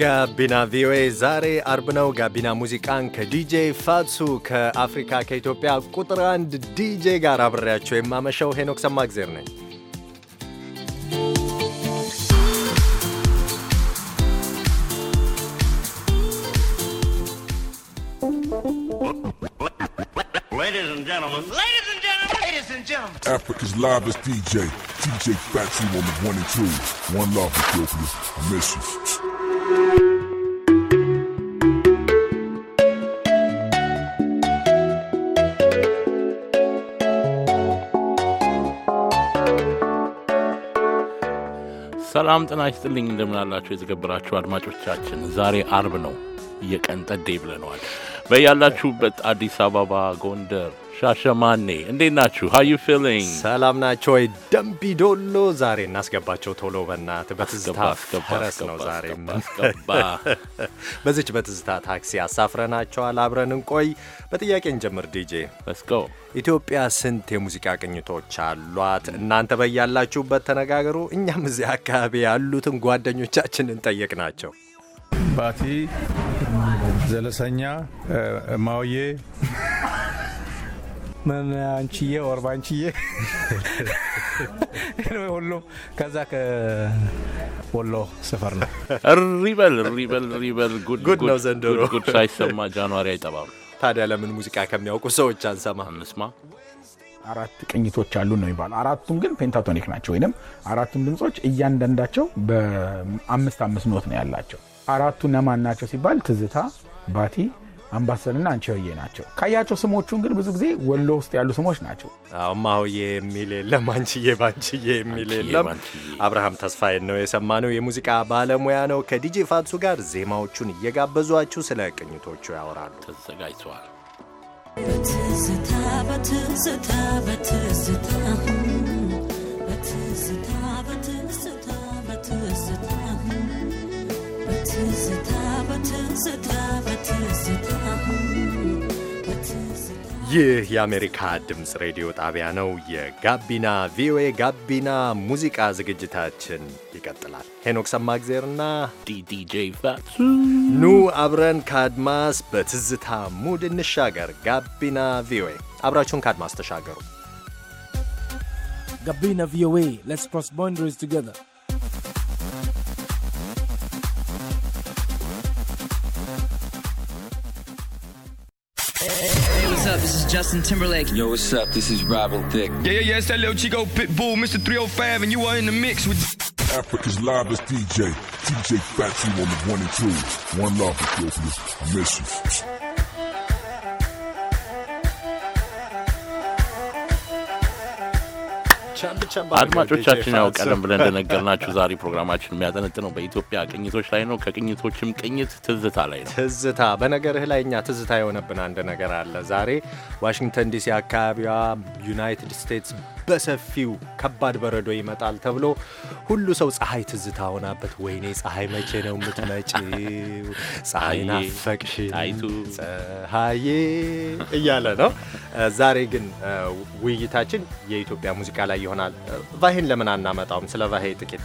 ጋቢና ቪኦኤ ዛሬ አርብ ነው። ጋቢና ሙዚቃን ከዲጄ ፋሱ ከአፍሪካ ከኢትዮጵያ ቁጥር አንድ ዲጄ ጋር አብሬያቸው የማመሸው ሄኖክ ሰማግዜር ነኝ። Africa's livest DJ, DJ Fatu on the one and two. One love, Ethiopia. I miss you. ሰላም ጤና ይስጥልኝ። እንደምናላችሁ የተከበራችሁ አድማጮቻችን፣ ዛሬ አርብ ነው። የቀን ጠዴ ብለነዋል። በያላችሁበት አዲስ አበባ፣ ጎንደር ሻሸማኔ እንዴት ናችሁ? ዩ ፊሊንግ ሰላም ናቸው ወይ? ደምቢ ዶሎ ዛሬ እናስገባቸው ቶሎ በእናትህ። በትዝታ ፈረስ ነው ዛሬ በዚች በትዝታ ታክሲ አሳፍረናቸዋል። አብረን እንቆይ። በጥያቄ እንጀምር። ዲጄ ኢትዮጵያ ስንት የሙዚቃ ቅኝቶች አሏት? እናንተ በያላችሁበት ተነጋገሩ። እኛም እዚህ አካባቢ ያሉትን ጓደኞቻችንን ናቸው? ባቲ ዘለሰኛ ማውዬ ምን አንቺዬ ወር ባንቺዬ ሁሉም ከዛ ከወሎ ሰፈር ነው። ሪበል ሪበል ሪበል ጉድ ነው ዘንድሮ ጉድ ሳይሰማ ጃንዋሪ አይጠባም። ታዲያ ለምን ሙዚቃ ከሚያውቁ ሰዎች አንሰማ እንስማ። አራት ቅኝቶች አሉ ነው የሚባለው። አራቱም ግን ፔንታቶኒክ ናቸው፣ ወይም አራቱም ድምጾች እያንዳንዳቸው በአምስት አምስት ኖት ነው ያላቸው። አራቱ ነማን ናቸው ሲባል ትዝታ፣ ባቲ አምባሰልና አንቺሆዬ ናቸው። ካያቸው ስሞቹን ግን ብዙ ጊዜ ወሎ ውስጥ ያሉ ስሞች ናቸው። ማሁዬ የሚል የለም፣ አንቺዬ ባንቺዬ የሚል የለም። አብርሃም ተስፋዬን ነው የሰማነው። የሙዚቃ ባለሙያ ነው። ከዲጄ ፋትሱ ጋር ዜማዎቹን እየጋበዟችሁ ስለ ቅኝቶቹ ያወራሉ። ተዘጋጅተዋል። በትዝታ ይህ የአሜሪካ ድምፅ ሬዲዮ ጣቢያ ነው። የጋቢና ቪኦኤ ጋቢና ሙዚቃ ዝግጅታችን ይቀጥላል። ሄኖክ ሰማእግዜርና ዲዲጄ ፋቱ ኑ አብረን ከአድማስ በትዝታ ሙድ እንሻገር። ጋቢና ቪኦኤ አብራችሁን ከአድማስ ተሻገሩ። ጋቢና ቪኦኤ ሌትስ ክሮስ ባውንደሪስ ቱጌዘር Justin Timberlake. Yo, what's up? This is Robin Thicke. Yeah, yeah, yeah. It's that little Chico Pitbull, Mr. 305, and you are in the mix with Africa's livest DJ, DJ Fatu on the one and two. One love, Ethiopia. I miss you. አድማጮቻችን ያው ቀደም ብለን እንደነገርናችሁ ዛሬ ፕሮግራማችን የሚያጠነጥነው በኢትዮጵያ ቅኝቶች ላይ ነው። ከቅኝቶችም ቅኝት ትዝታ ላይ ነው። ትዝታ በነገርህ ላይ እኛ ትዝታ የሆነብን አንድ ነገር አለ። ዛሬ ዋሽንግተን ዲሲ አካባቢዋ ዩናይትድ ስቴትስ በሰፊው ከባድ በረዶ ይመጣል ተብሎ ሁሉ ሰው ፀሐይ ትዝታ ሆናበት፣ ወይኔ ፀሐይ መቼ ነው የምትመጪው? ፀሐይ ናፈቅሽ ፀሐዬ እያለ ነው። ዛሬ ግን ውይይታችን የኢትዮጵያ ሙዚቃ ላይ ይሆናል። ቫሄን ለምን አናመጣውም? ስለ ቫሄ ጥቂት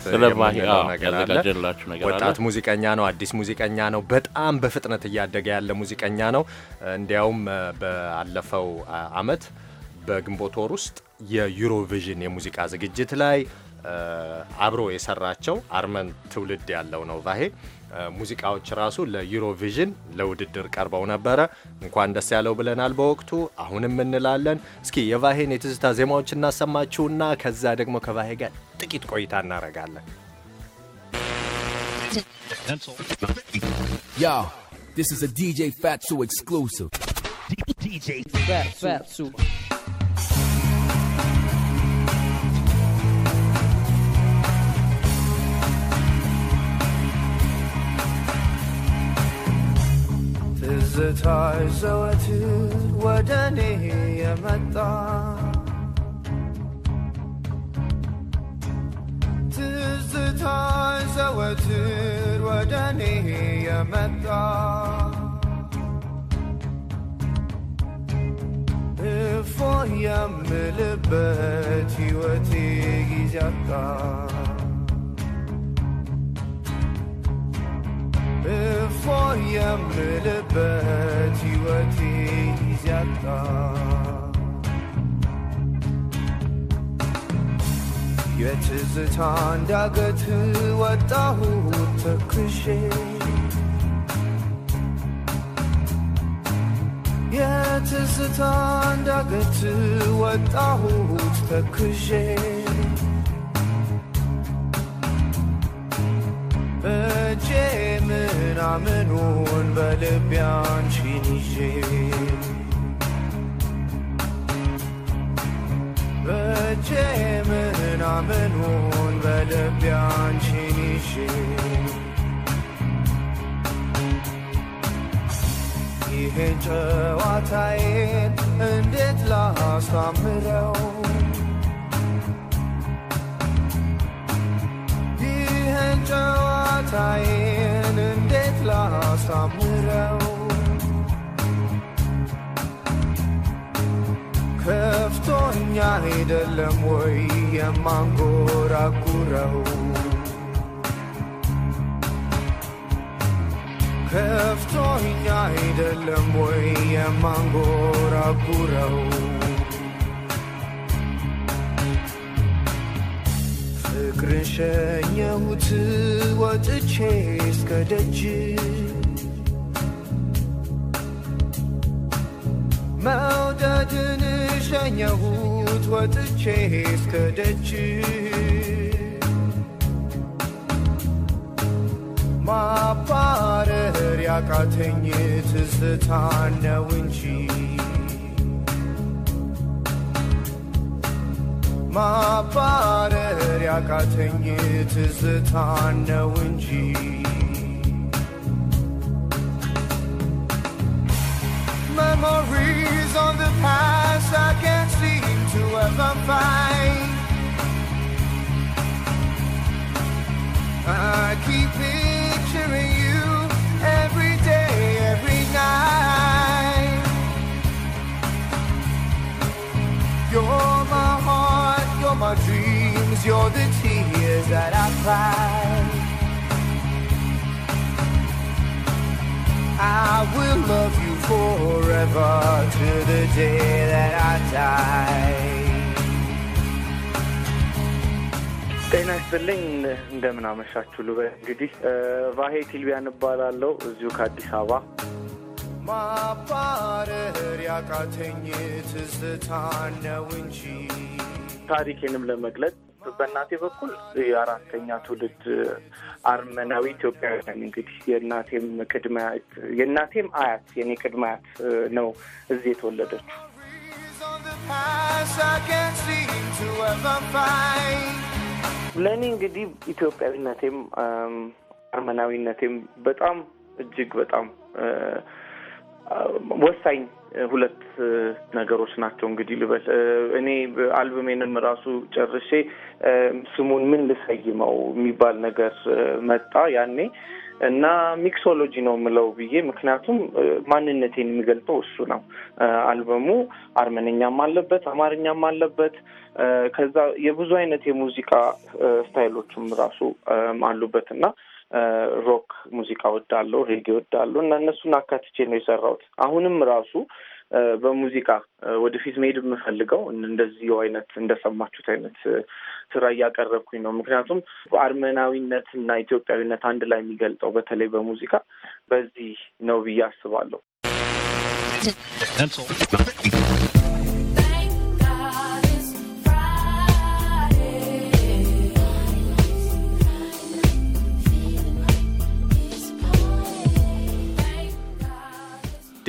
ወጣት ሙዚቀኛ ነው፣ አዲስ ሙዚቀኛ ነው፣ በጣም በፍጥነት እያደገ ያለ ሙዚቀኛ ነው። እንዲያውም በአለፈው አመት በግንቦት ወር ውስጥ የዩሮቪዥን የሙዚቃ ዝግጅት ላይ አብሮ የሰራቸው አርመን ትውልድ ያለው ነው ቫሄ ሙዚቃዎች ራሱ ለዩሮቪዥን ለውድድር ቀርበው ነበረ። እንኳን ደስ ያለው ብለናል በወቅቱ አሁንም እንላለን። እስኪ የቫሄን የትዝታ ዜማዎች እናሰማችሁና ከዛ ደግሞ ከቫሄ ጋር ጥቂት ቆይታ እናረጋለን። Yo, this is a DJ Fatsu exclusive. DJ Fatsu. ስታይ ዘወት ወደ እኔ የመጣ ትዝታይ ዘወትር ወደ እኔ የመጣ እፎ የምልበት ሕይወቴ ጊዜ አጣ 我眼里边只有你，丫头。丫头，丫头，我爱着你。丫头，丫头，丫头，我爱着你。ምኑን በልቤ አንቺን ይዤ በእጄ ምናምኑን በልቤ አንቺን ይዤ ይሄን ጨዋታዬን እንዴት ላሳምረው ይሄን ጨዋታዬን ሳምረው ከፍቶኛ አይደለም ወይ የማንጎራጉረው ከፍቶኛ አይደለም ወይ የማንጎራጉረው ፍቅርን ሸኘሁት ወጥቼ እስከ ደጅ መውደድን ሸኘሁት ወጥቼ እስከ ደጅ ማባረር ያቃተኝ ትዝታ ነው እንጂ ማባረር ያቃተኝ ትዝታ ነው እንጂ memory memories on the past I can't seem to ever find. I keep picturing you every day, every night. You're my heart, you're my dreams, you're the tears that I cry. I will love you forever to the day that I die. ጤና ይስጥልኝ እንደምን አመሻችሁ ልበ እንግዲህ ቫሄ ቲልቢያን እባላለሁ እዚሁ ከአዲስ አበባ ማባረር ያቃተኝ ትዝታ ነው እንጂ ታሪኬንም ለመግለጽ በእናቴ በኩል የአራተኛ ትውልድ አርመናዊ ኢትዮጵያውያን እንግዲህ የእናቴም ቅድመ የእናቴም አያት የኔ ቅድመ አያት ነው እዚህ የተወለደችው። ለእኔ እንግዲህ ኢትዮጵያዊነቴም አርመናዊነቴም በጣም እጅግ በጣም ወሳኝ ሁለት ነገሮች ናቸው እንግዲህ ልበል። እኔ አልበሜንም ራሱ ጨርሼ ስሙን ምን ልሰይመው የሚባል ነገር መጣ ያኔ እና ሚክሶሎጂ ነው የምለው ብዬ ምክንያቱም ማንነቴን የሚገልጠው እሱ ነው። አልበሙ አርመነኛም አለበት፣ አማርኛም አለበት። ከዛ የብዙ አይነት የሙዚቃ ስታይሎችም ራሱ አሉበት እና ሮክ ሙዚቃ ወዳለው ሬጌ ወዳለው እና እነሱን አካትቼ ነው የሰራሁት። አሁንም ራሱ በሙዚቃ ወደፊት መሄድ የምፈልገው እንደዚሁ አይነት እንደሰማችሁት አይነት ስራ እያቀረብኩኝ ነው። ምክንያቱም አርመናዊነት እና ኢትዮጵያዊነት አንድ ላይ የሚገልጠው በተለይ በሙዚቃ በዚህ ነው ብዬ አስባለሁ።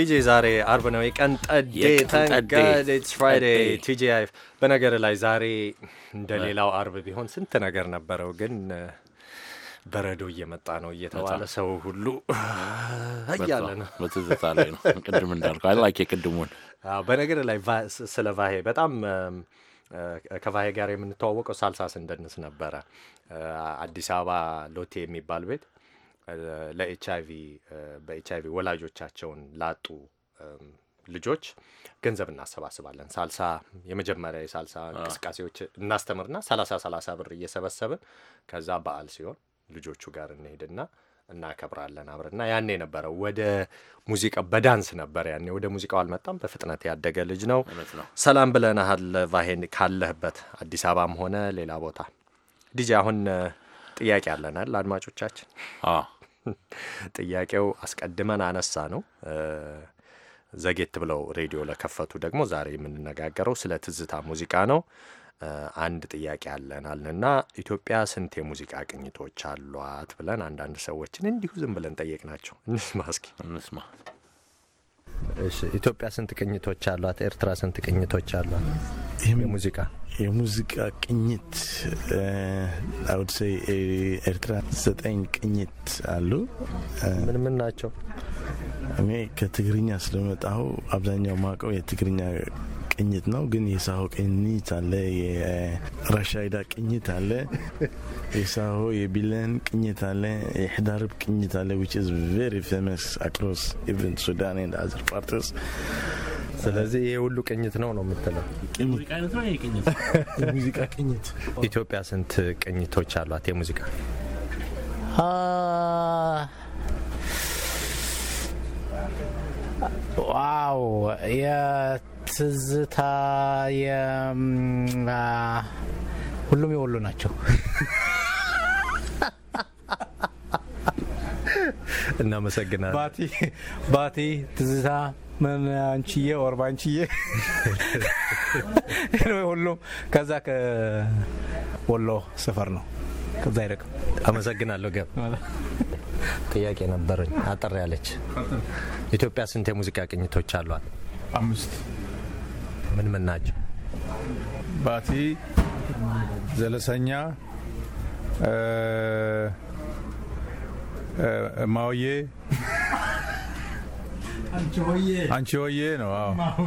ቲጄ ዛሬ አርብ ነው። የቀን ጠዴ ቲጄ በነገር ላይ ዛሬ እንደሌላው አርብ ቢሆን ስንት ነገር ነበረው፣ ግን በረዶ እየመጣ ነው እየተባለ ሰው ሁሉ እያለ ነው። በትዝታ ላይ ነው። ቅድም እንዳልኩ በነገር ላይ ስለ ቫሄ በጣም ከቫሄ ጋር የምንተዋወቀው ሳልሳ ስንደንስ ነበረ አዲስ አበባ ሎቴ የሚባል ቤት ለኤች አይቪ ወላጆቻቸውን ላጡ ልጆች ገንዘብ እናሰባስባለን። ሳልሳ የመጀመሪያ የሳልሳ እንቅስቃሴዎች እናስተምርና ሰላሳ ሰላሳ ብር እየሰበሰብን ከዛ በዓል ሲሆን ልጆቹ ጋር እንሄድና እናከብራለን አብረና። ያኔ ነበረው ወደ ሙዚቃ በዳንስ ነበር ያኔ ወደ ሙዚቃው አልመጣም። በፍጥነት ያደገ ልጅ ነው። ሰላም ብለናሃል ቫሄን፣ ካለህበት አዲስ አበባም ሆነ ሌላ ቦታ ዲጄ። አሁን ጥያቄ አለናል አድማጮቻችን ጥያቄው አስቀድመን አነሳ ነው። ዘጌት ብለው ሬዲዮ ለከፈቱ ደግሞ ዛሬ የምንነጋገረው ስለ ትዝታ ሙዚቃ ነው። አንድ ጥያቄ አለናል አልንና ኢትዮጵያ ስንት የሙዚቃ ቅኝቶች አሏት ብለን አንዳንድ ሰዎችን እንዲሁ ዝም ብለን ናቸው። እንስማ እስኪ እንስማ። ኢትዮጵያ ስንት ቅኝቶች አሏት? ኤርትራ ስንት ቅኝቶች አሏት? የሙዚቃ የሙዚቃ ቅኝት አውድ ኤርትራ ዘጠኝ ቅኝት አሉ። ምን ምን ናቸው? እኔ ከትግርኛ ስለመጣሁ አብዛኛው ማቀው የትግርኛ ቅኝት ነው፣ ግን የሳሆ ቅኝት አለ፣ የራሻይዳ ቅኝት አለ፣ የሳሆ የቢለን ቅኝት አለ፣ የሕዳርብ ቅኝት አለ which is very famous across even Sudan and other parts ስለዚህ ይሄ ሁሉ ቅኝት ነው ነው የምትለው? ሙዚቃ ቅኝት። ኢትዮጵያ ስንት ቅኝቶች አሏት የሙዚቃ? ዋው የትዝታ የ ሁሉም የወሎ ናቸው። እናመሰግናለን። ባቲ ባቲ ትዝታ ምን አንቺዬ ኦርባ አንቺዬ ሁሉም ከዛ ከወሎ ሰፈር ነው። ከዛ አይረቅም። አመሰግናለሁ ገብ ጥያቄ ነበረኝ። አጠር ያለች ኢትዮጵያ ስንት የሙዚቃ ቅኝቶች አሏት? አምስት። ምን ምን ናቸው? ባቲ፣ ዘለሰኛ፣ ማውዬ አንቺ ሆዬ ነው። አዎ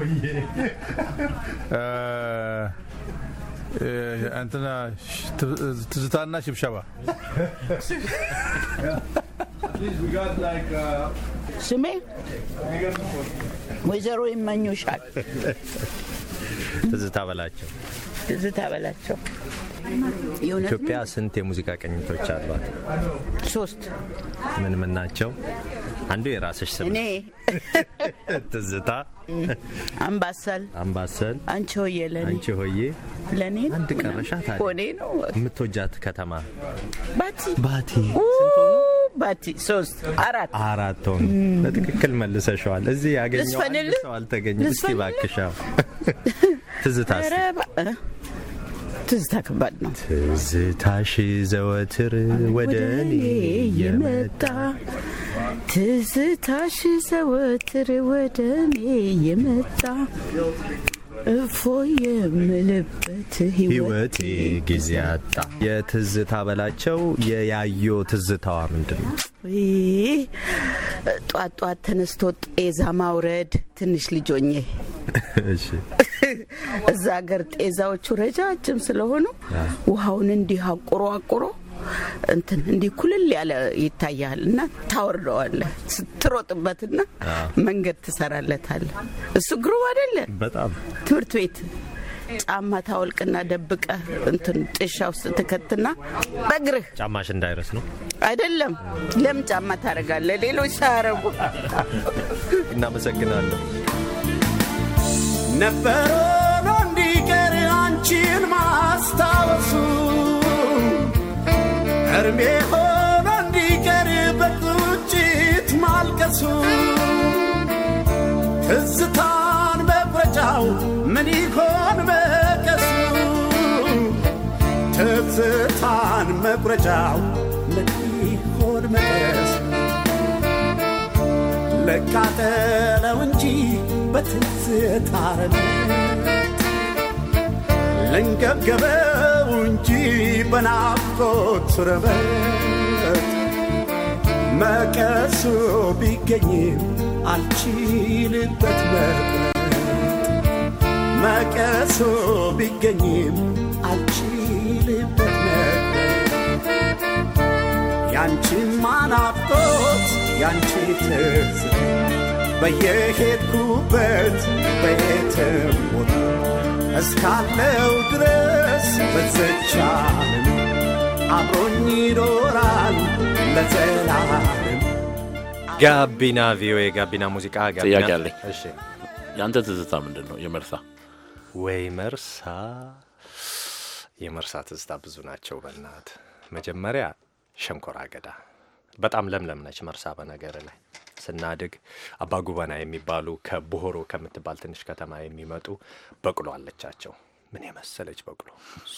እንትና ትዝታና ሽብሸባ Uh, ስሜ ወይዘሮ ይመኙሻል ትዝታ በላቸው። ትዝታ በላቸው። ኢትዮጵያ ስንት የሙዚቃ ቅኝቶች አሏት? ሶስት። ምን ምን ናቸው? አንዱ የራስሽ ስም እኔ ትዝታ አምባሰል አምባሰል፣ አንቺ ሆዬ ለኔ አንቺ ሆዬ ለኔ አንድ ቀረሻ። ታዲያ ሆኔ ነው የምትወጃት ከተማ ባቲ ባቲ ስንት ባቲ ሶስት አራት አራት ሆኑ። በትክክል መልሰሸዋል። እዚህ ያገኘው ሰው አልተገኘም። እስኪ እባክሽ ትዝታ ትዝታ ከባድ ነው። ትዝታሽ ዘወትር ወደ እኔ የመጣ ትዝታሽ ዘወትር ወደ እኔ የመጣ እፎ የምልበት ህይወቴ ጊዜ አጣ። የትዝታ በላቸው የያዮ ትዝታዋ ምንድን ነው? ጧት ጧት ተነስቶ ጤዛ ማውረድ ትንሽ ልጆኜ እዛ ሀገር ጤዛዎቹ ረጃጅም ስለሆኑ ውሃውን እንዲህ አቁሮ አቁሮ እንትን እንዲህ ኩልል ያለ ይታያል እና ታወርደዋለ ስትሮጥበትና መንገድ ትሰራለታለ። እሱ ግሩም አይደለ በጣም ትምህርት ቤት ጫማ ታወልቅና ደብቀ እንትን ጥሻ ውስጥ ትከትና በግርህ ጫማሽ እንዳይረስ ነው አይደለም። ለምን ጫማ ታደርጋለህ? ሌሎች ሳያረጉ። እናመሰግናለሁ። ነበረ እንዲቀር አንቺን ማስታወሱ እርሜ ሆኖ እንዲቀር በቁጭት ማልቀሱ ትዝታን መፍረጃው ማን ይሆን መቀሱ ትዝታን መቁረጫው ምን ይሆን መቀሱ ልቃጠለው እንጂ በትዝታ ረመት እንጂ በናፍቆት ረመት መቀሱ ቢገኝም አልችልበት መቁረጥ መቀሱ ቢገኝም አልችልበት ነበር ያንቺ ማናፍቆት ያንቺ ትዝ በየሄድኩበት በየትም ቦታ እስካለው ድረስ በዘቻለም አብሮኝ ይኖራል ለዘላለም። ጋቢና ቪኦኤ ጋቢና ሙዚቃ ጥያቄ አለኝ። የአንተ ትዝታ ምንድን ነው? የመርሳ ወይ መርሳ የመርሳ ትዝታ ብዙ ናቸው። በናት መጀመሪያ ሸንኮራ አገዳ በጣም ለምለም ነች መርሳ። በነገር ላይ ስናድግ አባጉበና የሚባሉ ከቦሆሮ ከምትባል ትንሽ ከተማ የሚመጡ በቅሎ አለቻቸው። ምን የመሰለች በቅሎ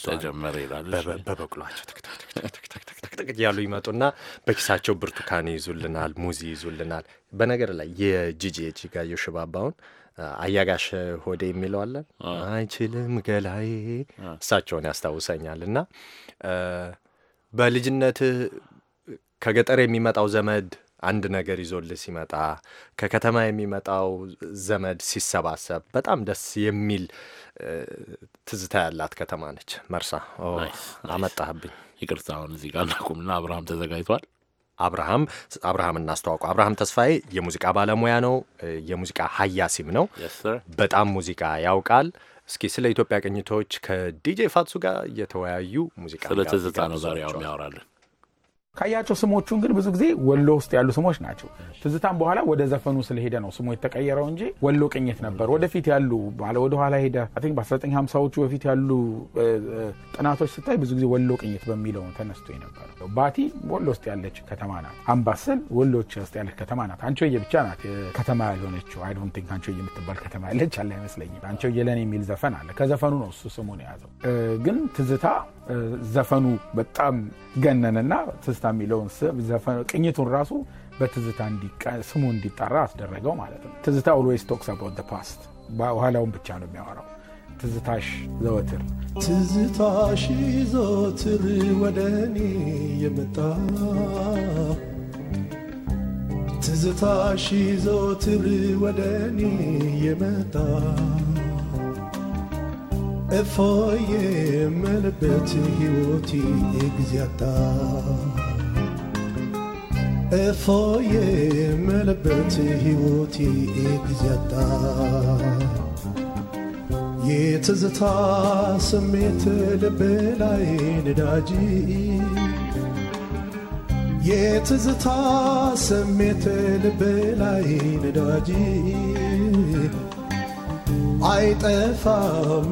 ተጀመረ ይላሉ። በበቅሏቸው ጥቅጥቅጥቅጥቅጥቅ ያሉ ይመጡና በኪሳቸው ብርቱካን ይዙልናል፣ ሙዚ ይዙልናል። በነገር ላይ የጂጂ እጅጋየሁ ሽባባውን አያጋሽ ሆዴ የሚለዋለን አይችልም ገላዬ እሳቸውን ያስታውሰኛል። እና በልጅነት ከገጠር የሚመጣው ዘመድ አንድ ነገር ይዞልህ ሲመጣ ከከተማ የሚመጣው ዘመድ ሲሰባሰብ በጣም ደስ የሚል ትዝታ ያላት ከተማ ነች መርሳ። አመጣህብኝ፣ ይቅርታ። አሁን እዚህ ጋር ላቁምና አብርሃም ተዘጋጅቷል። አብርሃም አብርሃም እናስተዋውቁ። አብርሃም ተስፋዬ የሙዚቃ ባለሙያ ነው። የሙዚቃ ሀያሲም ነው። በጣም ሙዚቃ ያውቃል። እስኪ ስለ ኢትዮጵያ ቅኝቶች ከዲጄ ፋትሱ ጋር እየተወያዩ ሙዚቃ ስለ ትዝታ ነው ዛሬ ያውራለን። ካያቸው ስሞቹን ግን ብዙ ጊዜ ወሎ ውስጥ ያሉ ስሞች ናቸው። ትዝታም በኋላ ወደ ዘፈኑ ስለሄደ ነው ስሙ የተቀየረው እንጂ ወሎ ቅኝት ነበር። ወደፊት ያሉ ማለት ወደኋላ ሄደ በ1950ዎቹ በፊት ያሉ ጥናቶች ስታይ ብዙ ጊዜ ወሎ ቅኝት በሚለው ተነስቶ ነበር። ባቲ ወሎ ውስጥ ያለች ከተማ ናት። አምባሰል ወሎች ውስጥ ያለች ከተማ ናት። አንቺሆዬ ብቻ ናት ከተማ ያልሆነችው። አይ ዶንት ቲንክ አንቺሆዬ የምትባል ከተማ ያለች አለ አይመስለኝም። አንቺሆዬ ለኔ የሚል ዘፈን አለ። ከዘፈኑ ነው እሱ ስሙን የያዘው ግን ትዝታ ዘፈኑ በጣም ገነንና ትዝታ የሚለውን ቅኝቱን ራሱ በትዝታ ስሙ እንዲጠራ አስደረገው ማለት ነው። ትዝታ ኦልዌይስ ቶክስ አባውት ፓስት በኋላውን ብቻ ነው የሚያወራው። ትዝታሽ ዘወትር ትዝታሽ ዘወትር ወደ እኔ የመጣ ትዝታሽ ዘወትር ወደ እኔ የመጣ እፎዬ የምልበት ሕይወቴ እግዚያታ እፎዬ የምልበት ሕይወቴ እግዚያታ የትዝታ ስሜት ልብ ላይ ነዳጅ የትዝታ ስሜት ልብ ላይ ነዳጅ አይጠፋ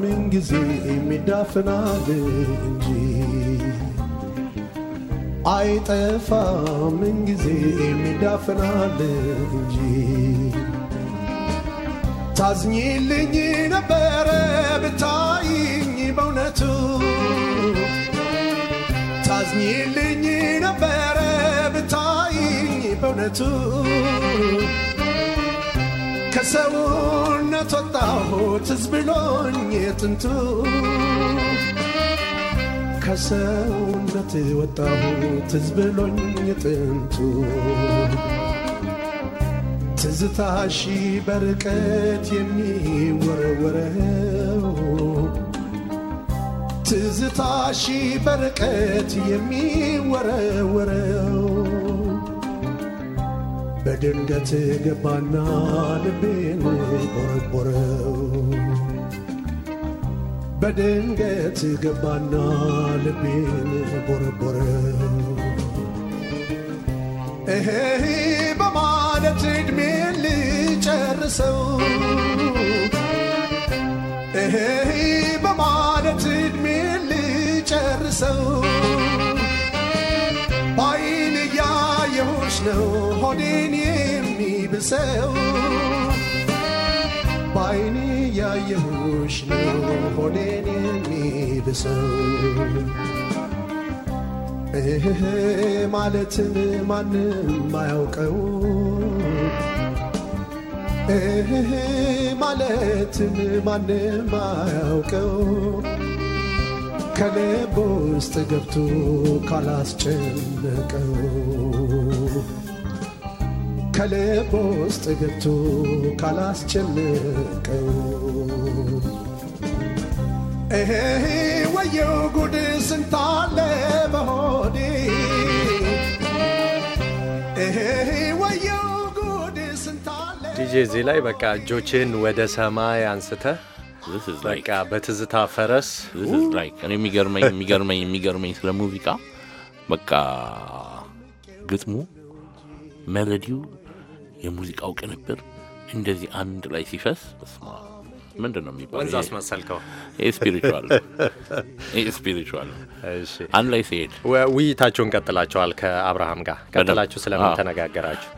ምን ጊዜ የሚዳፍናል እንጂ አይጠፋ ምን ጊዜ የሚዳፍናል እንጂ ታዝኝልኝ ነበረ ብታይኝ በእውነቱ ታዝኝልኝ ነበረ ብታይኝ በእውነቱ ከሰውነት ወጣሁት ሕዝብ ሎኝ ጥንቱ ከሰውነት ወጣሁት ሕዝብ ሎኝ ጥንቱ ትዝታሺ በርቀት የሚወረወረው ትዝታሺ በርቀት የሚወረወረው በድንገት ገባና ልቤን ቦረቦረው በድንገት ገባና ልቤን ቦረቦረው እሄሂ በማለት ዕድሜን ልጨርሰው እሄ በማለት ዕድሜን ልጨርሰው ሰው በአይኔ ያየሁሽ ነው ሆዴን የሚብሰው እህ ማለትን ማንም አያውቀው እህ ማለትን ማንም አያውቀው ከልብ ውስጥ ገብቶ ካላስጨነቀው ከልብ ውስጥ ገብቶ ካላስጨነቀው እሄ ወየው ጉድ ስንታለ በሆዴ ዲጄ እዚህ ላይ በቃ እጆችን ወደ ሰማይ አንስተ በቃ በትዝታ ፈረስ እኔ የሚገርመኝ የሚገርመኝ የሚገርመኝ ስለ ሙዚቃ በቃ ግጥሙ ሜሎዲው የሙዚቃው ቅንብር እንደዚህ አንድ ላይ ሲፈስ ስማ ምንድን ነው የሚባለው? ወንዝ አስመሰልከው። ስፒሪቹዋል ስፒሪቹዋል አንድ ላይ ሲሄድ ውይይታችሁን ቀጥላችኋል። ከአብርሃም ጋር ቀጥላችሁ ስለምን ተነጋገራችሁ?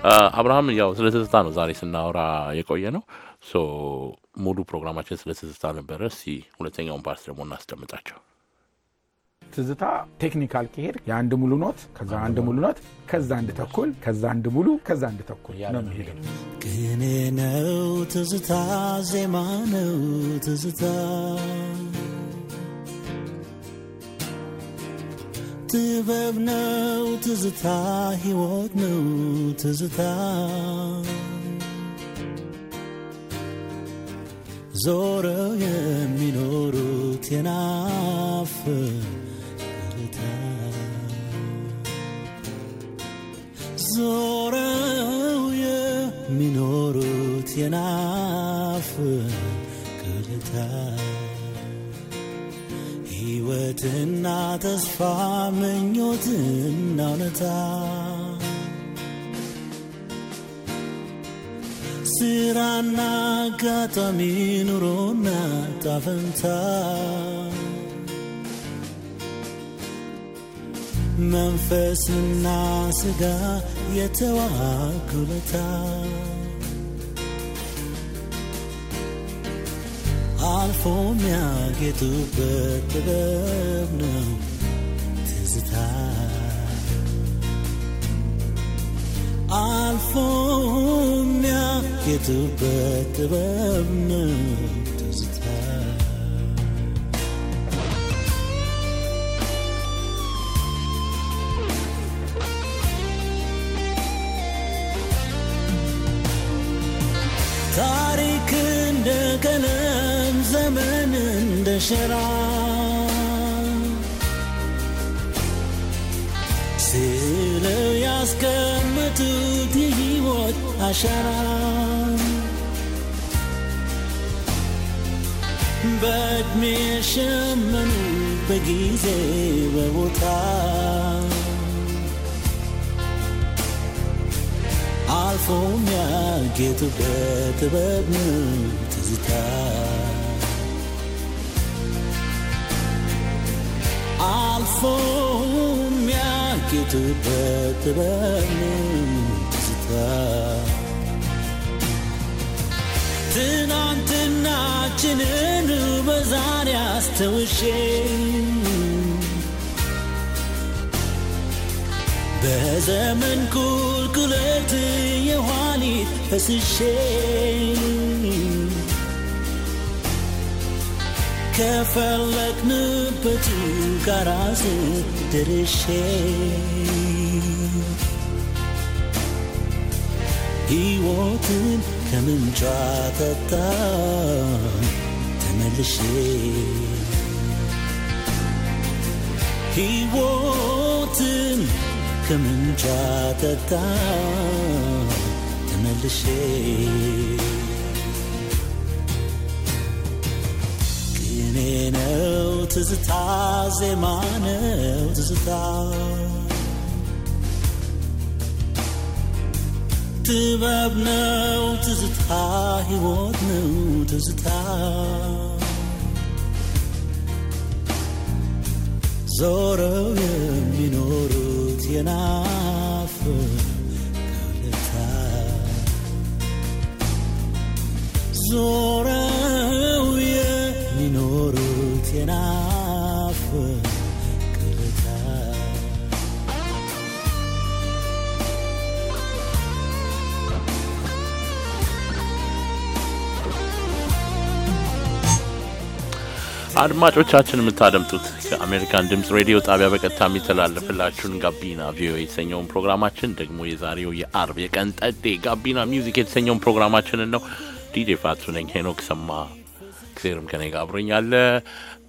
አብርሃም ያው ስለ ትዝታ ነው ዛሬ ስናወራ የቆየ ነው። ሙሉ ፕሮግራማችን ስለ ትዝታ ነበረ። እስኪ ሁለተኛውን ፓርት ደግሞ እናስደምጣቸው። ትዝታ ቴክኒካል ከሄድ የአንድ ሙሉ ኖት ከዛ አንድ ሙሉ ኖት ከዛ አንድ ተኩል ከዛ አንድ ሙሉ ከዛ አንድ ተኩል ነው የሚሄደው። ቅኔ ነው ትዝታ፣ ዜማ ነው ትዝታ ጥበብ ነው ትዝታ፣ ሕይወት ነው ትዝታ። ዞረው የሚኖሩት የናፍር ዞረው የሚኖሩት የናፍ ቅልታ ሕይወትና ተስፋ ምኞትና እውነታ ስራና አጋጣሚ ኑሮና ጣፈንታ መንፈስና ስጋ የተዋሃንክ አልፎ የሚያጌጡበት ጥበብ ነው ትዝታ አልፎ የሚያጌጡበት ጥበብ ነው ታሪክ እንደ ቀለም ዘመን እንደ ሸራ ስለው ያስቀመጡት የሕይወት አሸራ በዕድሜ የሸመኑ በጊዜ በቦታ አልፎ የሚያጌጥበት ጥበብ ትዝታ አልፎ የሚያጌጥበት ጥበብ ትዝታ ትናንትናችንን በዛሬ አስተውሼ በዘመን ቁልቁለት የኋሊት ፈስሼ ከፈለግንበት ጋራስ ደርሼ ሕይወትን ከምንጯ ጠጣ ተመልሼ ሕይወትን ከምንጫ ጠጣ ተመልሼ ቅኔ ነው ትዝታ ዜማ ነው ትዝታ ጥበብ ነው ትዝታ ሕይወት ነው ትዝታ ዞረው የናፍር ከውለታ ዞረ አድማጮቻችን የምታደምጡት ከአሜሪካን ድምፅ ሬዲዮ ጣቢያ በቀጥታ የሚተላለፍላችሁን ጋቢና ቪኦኤ የተሰኘውን ፕሮግራማችን ደግሞ የዛሬው የአርብ የቀን ጠዴ ጋቢና ሚውዚክ የተሰኘውን ፕሮግራማችንን ነው። ዲጄ ፋቱ ነኝ። ሄኖክ ሰማ ጊዜርም ከኔ ጋር አብሮኛል።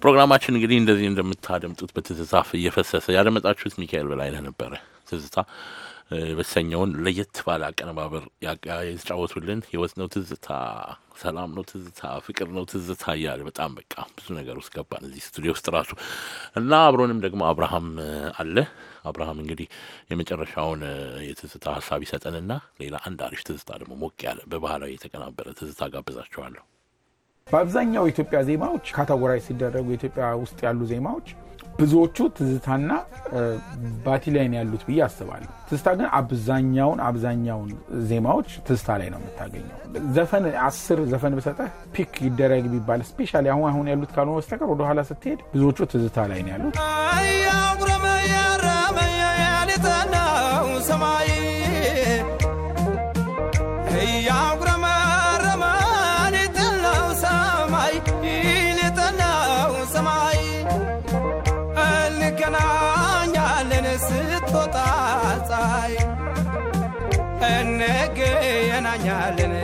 ፕሮግራማችን እንግዲህ እንደዚህ እንደምታደምጡት በትዝታ እየፈሰሰ ያደመጣችሁት ሚካኤል በላይነህ ነበረ። ትዝታ በተሰኘውን ለየት ባለ አቀነባበር የተጫወቱልን ህይወት ነው ትዝታ፣ ሰላም ነው ትዝታ፣ ፍቅር ነው ትዝታ እያለ በጣም በቃ ብዙ ነገር ውስጥ ገባን እዚህ ስቱዲዮ ውስጥ ራሱ እና አብሮንም ደግሞ አብርሃም አለ። አብርሃም እንግዲህ የመጨረሻውን የትዝታ ሀሳብ ይሰጠንና ሌላ አንድ አሪፍ ትዝታ ደግሞ ሞቅ ያለ በባህላዊ የተቀናበረ ትዝታ ጋብዛችኋለሁ። በአብዛኛው የኢትዮጵያ ዜማዎች ካታጎራይ ሲደረጉ የኢትዮጵያ ውስጥ ያሉ ዜማዎች ብዙዎቹ ትዝታና ባቲ ላይ ያሉት ብዬ አስባለሁ። ትዝታ ግን አብዛኛውን አብዛኛውን ዜማዎች ትዝታ ላይ ነው የምታገኘው። ዘፈን አስር ዘፈን ብሰጠህ ፒክ ይደረግ ቢባል ስፔሻሊ አሁን አሁን ያሉት ካልሆነ በስተቀር ወደኋላ ስትሄድ ብዙዎቹ ትዝታ ላይ ነው ያሉት። ያለን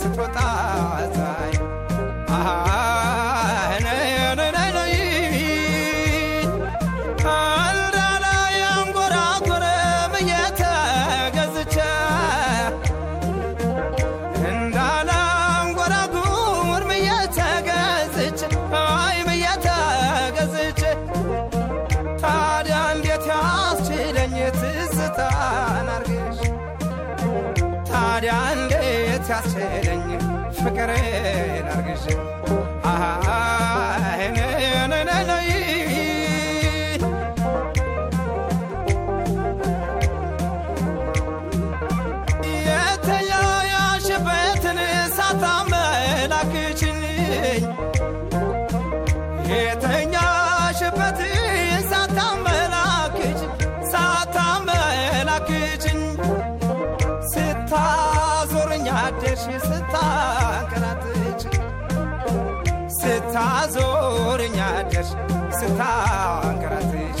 ስትወጣ ፀሐይ ስታክችኝ ስታዞረኝ አደርሽ ስታንከራትች ስታዞረኝ ስታንከራትች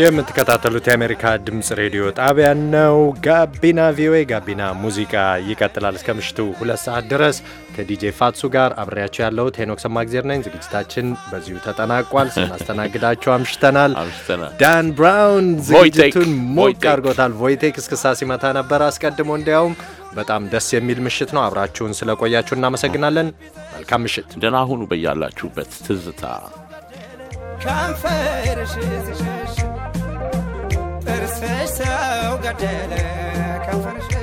የምትከታተሉት የአሜሪካ ድምፅ ሬዲዮ ጣቢያን ነው። ጋቢና ቪኦኤ ጋቢና ሙዚቃ ይቀጥላል እስከ ምሽቱ ሁለት ሰዓት ድረስ ከዲጄ ፋትሱ ጋር አብሬያቸው ያለሁት ሄኖክ ሰማግዜር ነኝ። ዝግጅታችን በዚሁ ተጠናቋል። ስናስተናግዳቸው አምሽተናል። ዳን ብራውን ዝግጅቱን ሞቅ አድርጎታል። ቮይቴክ እስክሳ ሲመታ ነበር አስቀድሞ። እንዲያውም በጣም ደስ የሚል ምሽት ነው። አብራችሁን ስለቆያችሁ እናመሰግናለን። መልካም ምሽት። ደህና ሁኑ በያላችሁበት ትዝታ ፍሰው ገደለ ከንፈርሽ